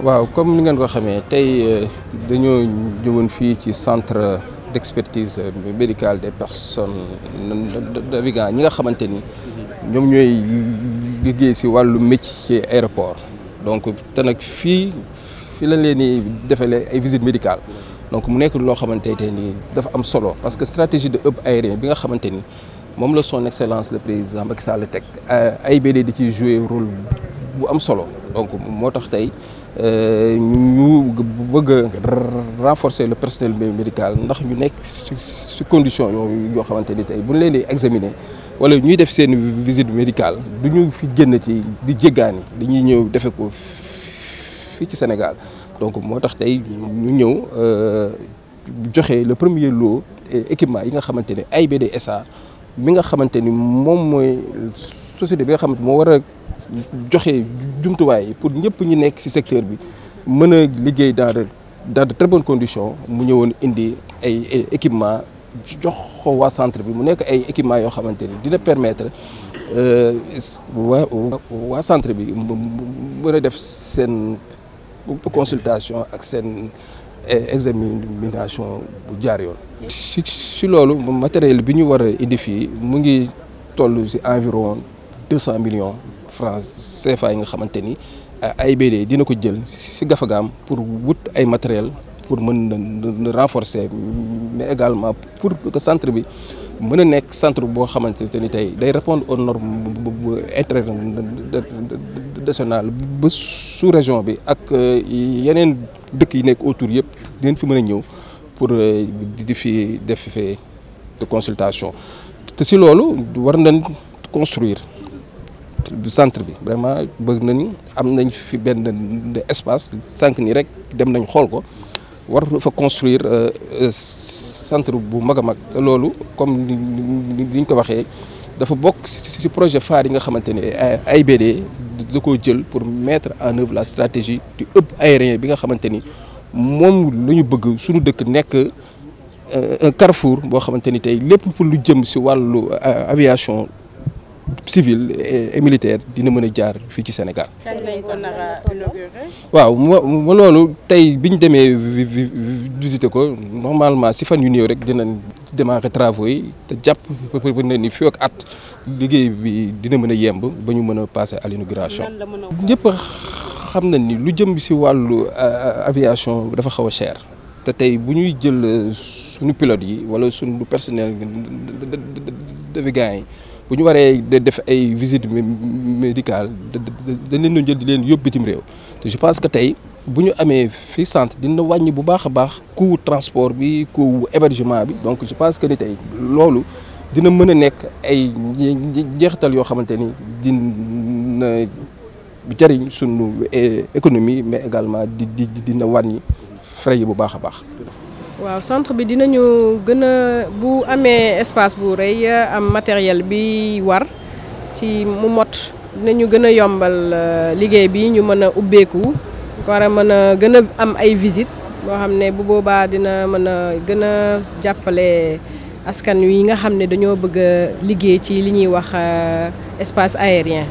waaw comme ni ngeen ko xamee tey euh, dañoo jógoon fii ci centre d'expertise euh, médicale des personnes navigants ñi nga xamante ni nous ñooy liggéey ci le métier aéroport donc te nag fi fii lañ leen di ay visite médicale donc mu nekk loo xamante ni dafa am solo parce que stratégie de hub aérien bi nga xamante ni la son excellence le président Macky Sall teg euh, AIBD di ci jouer rôle bu am solo donc moo tax euh, ñu bëgg renforcer le personnel médical ndax ñu nekk ci condition yo yoo xamante ni tey bu leen examiner wala ñuy def sen visite médicale duñu fi génn ci di djégaani dañuy ñëw défé ko fi ci Sénégal donc motax tay ñu ñëw euh joxé le premier lot équipement yi nga xamanteni ne AIBD SA mi nga xamanteni mom moy société bi nga xamanteni mo wara joxé jumtuwaay pour ñëpp ñi nekk ci secteur bi mëna liggéey dans de dans de très bonnes conditions mu ñëwoon indi ay équipement jox wa centre bi mu nekk ay équipement yo xamanteni dina permettre euh, waa wa centre bi mëna def sen consultation ak sen eh, examination bu jaar yoon. ci si loolu matériel bi ñu war a indi fii mu ngi toll ci environ 200 millions. France, CFA yi nga xamante ni euh, AIBD dina ko jël ci gafagam pour wut ay matériel pour mën renforcer mais également pour que centre bi mën nek centre bo xamante ni tey day répondre aux normes internationales ba sous région bi ak euh, yenen dëkk yi nek autour yëpp dinañ fi mën ñëw pour euh, di fi def de consultation te si lolu war nañ construire du centre bi vraiment bëgg nañu am nañ fi benn espace sank ni rek dem nañ xool ko war fa construire euh, euh, centre bu mag a mag loolu comme ni ko waxee dafa bokk ci projet phare yi nga xamante ne AIBD da koo jël pour mettre en œuvre la stratégie du hub aérien bi nga xamante ni moom la ñu bëgg suñu dëkk nekk euh, un carrefour boo xamante ni tey lépp pour lu jëm ci wàllu aviation civil et militaire dina mën a jaar fii ci Sénégal. waaw mo lolu tay bi démé visiter ko normalement si fan yu ñëw rek dinañ démarrer travaux yi te jàpp na ni fi ak at liggéey bi dina mën yemb ba ñu mën passer à l'inauguration. ñëpp xam nañ ni lu jëm ci walu aviation dafa xaw cher te tay bu ñuy jël suñu pilote yi wala suñu personnel de yi buñu waré waree def ay visite médicale dañ leen ñu jël di leen yóbbu bitim réew te je pense que tay buñu amé fi fii centre dina wàññi bu baax baax coût transport bi coût hébergement bi donc je pense que ni tay lolu dina mëna nek ay njeexital yo xamanteni ni bi jëriñ sunu eh, économie mais également di di dina wàññi frais yi bu baax baax. waaw centre bi dinañu gën a bu amee espace bu rëy am matériel bi war ci mu mot dinañu gën a yombal euh, liggéey bi ñu mën a ubbeeku war a mën a gën a am ay visite boo xam ne bu boobaa dina mën a gën a askan wi nga xam ne dañoo bëgg a liggéey ci li ñuy wax euh, espace aérien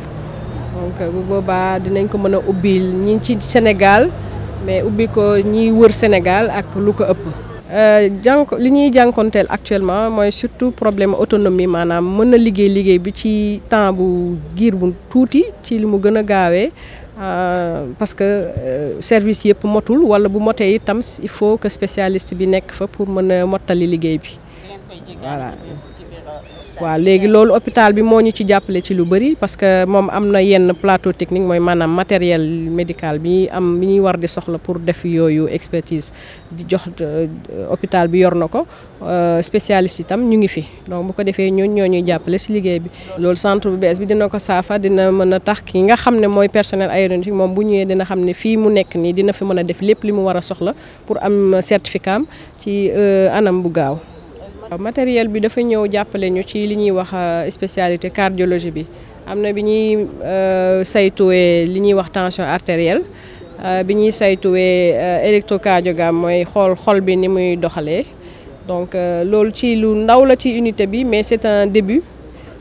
donc bu boobaa dinañ ko mën a ubbil ñi ci Sénégal mais ubbi ko ñi wër Sénégal ak lu ko Euh, jànko li ñuy jànkonteel actuellement mooy surtout problème autonomie maanaam mën na liggéey liggéey bi ci temps bu giir bu tuuti ci li mu gën a gaawee euh, parce que euh, service yëpp motul walla bu motee itam il faut que spécialiste bi nekk fa pour mën a mottali liggéey bi voilà waaw léegi loolu hôpital bi moo ñu ci jàppale ci lu bëri parce que moom am na yenn plateau technique mooy maanaam matériel médical bi am bi ñuy war di soxla pour def yooyu expertise di jox euh, hôpital bi yor na ko euh, spécialiste itam ñu ngi fi donc bu ko defee ñooñu ñoo ñuy jàppale si liggéey bi. loolu centre bu bees bi dina ko saafa dina mën a tax ki nga xam ne mooy personnel aéronautique moom bu ñëwee dina xam ne fii mu nekk nii dina fi mën a def lépp li mu war a soxla pour am certificat am ci euh, anam bu gaaw. Euh, matériel bi dafa ñëw jàppale ñu ci li ñuy wax euh, spécialité cardiologie bi am na bi ñuy euh, saytuwee li ñuy wax tension artérielle bi ñuy saytuwee électrocardiogramme mooy xool xol bi ni muy doxalee donc loolu ci lu ndaw la ci unité bi mais c'est un début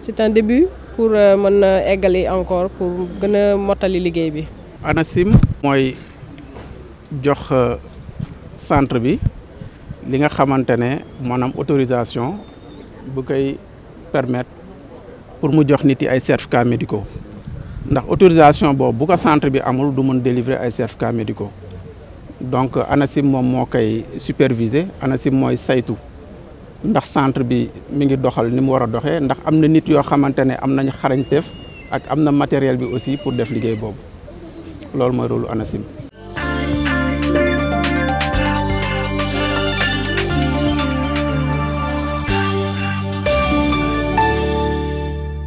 c'est un début pour mën a eggali encore pour gën a mottali liggéey bi ANACIM mooy jox centre bi li nga xamantene ne autorisation bu kay permettre pour mu jox nit ay certificats médicaux ndax autorisation bobu bu ko centre bi amul du mën délivrer ay certificats médicaux donc ANACIM mom mo kay superviser ANACIM moy saytu ndax centre bi mi ngi doxal ni mu wara doxé ndax amna na nit yoo xamante ne am ak amna matériel bi aussi pour def liguey bobu loolu moy rôle ANACIM.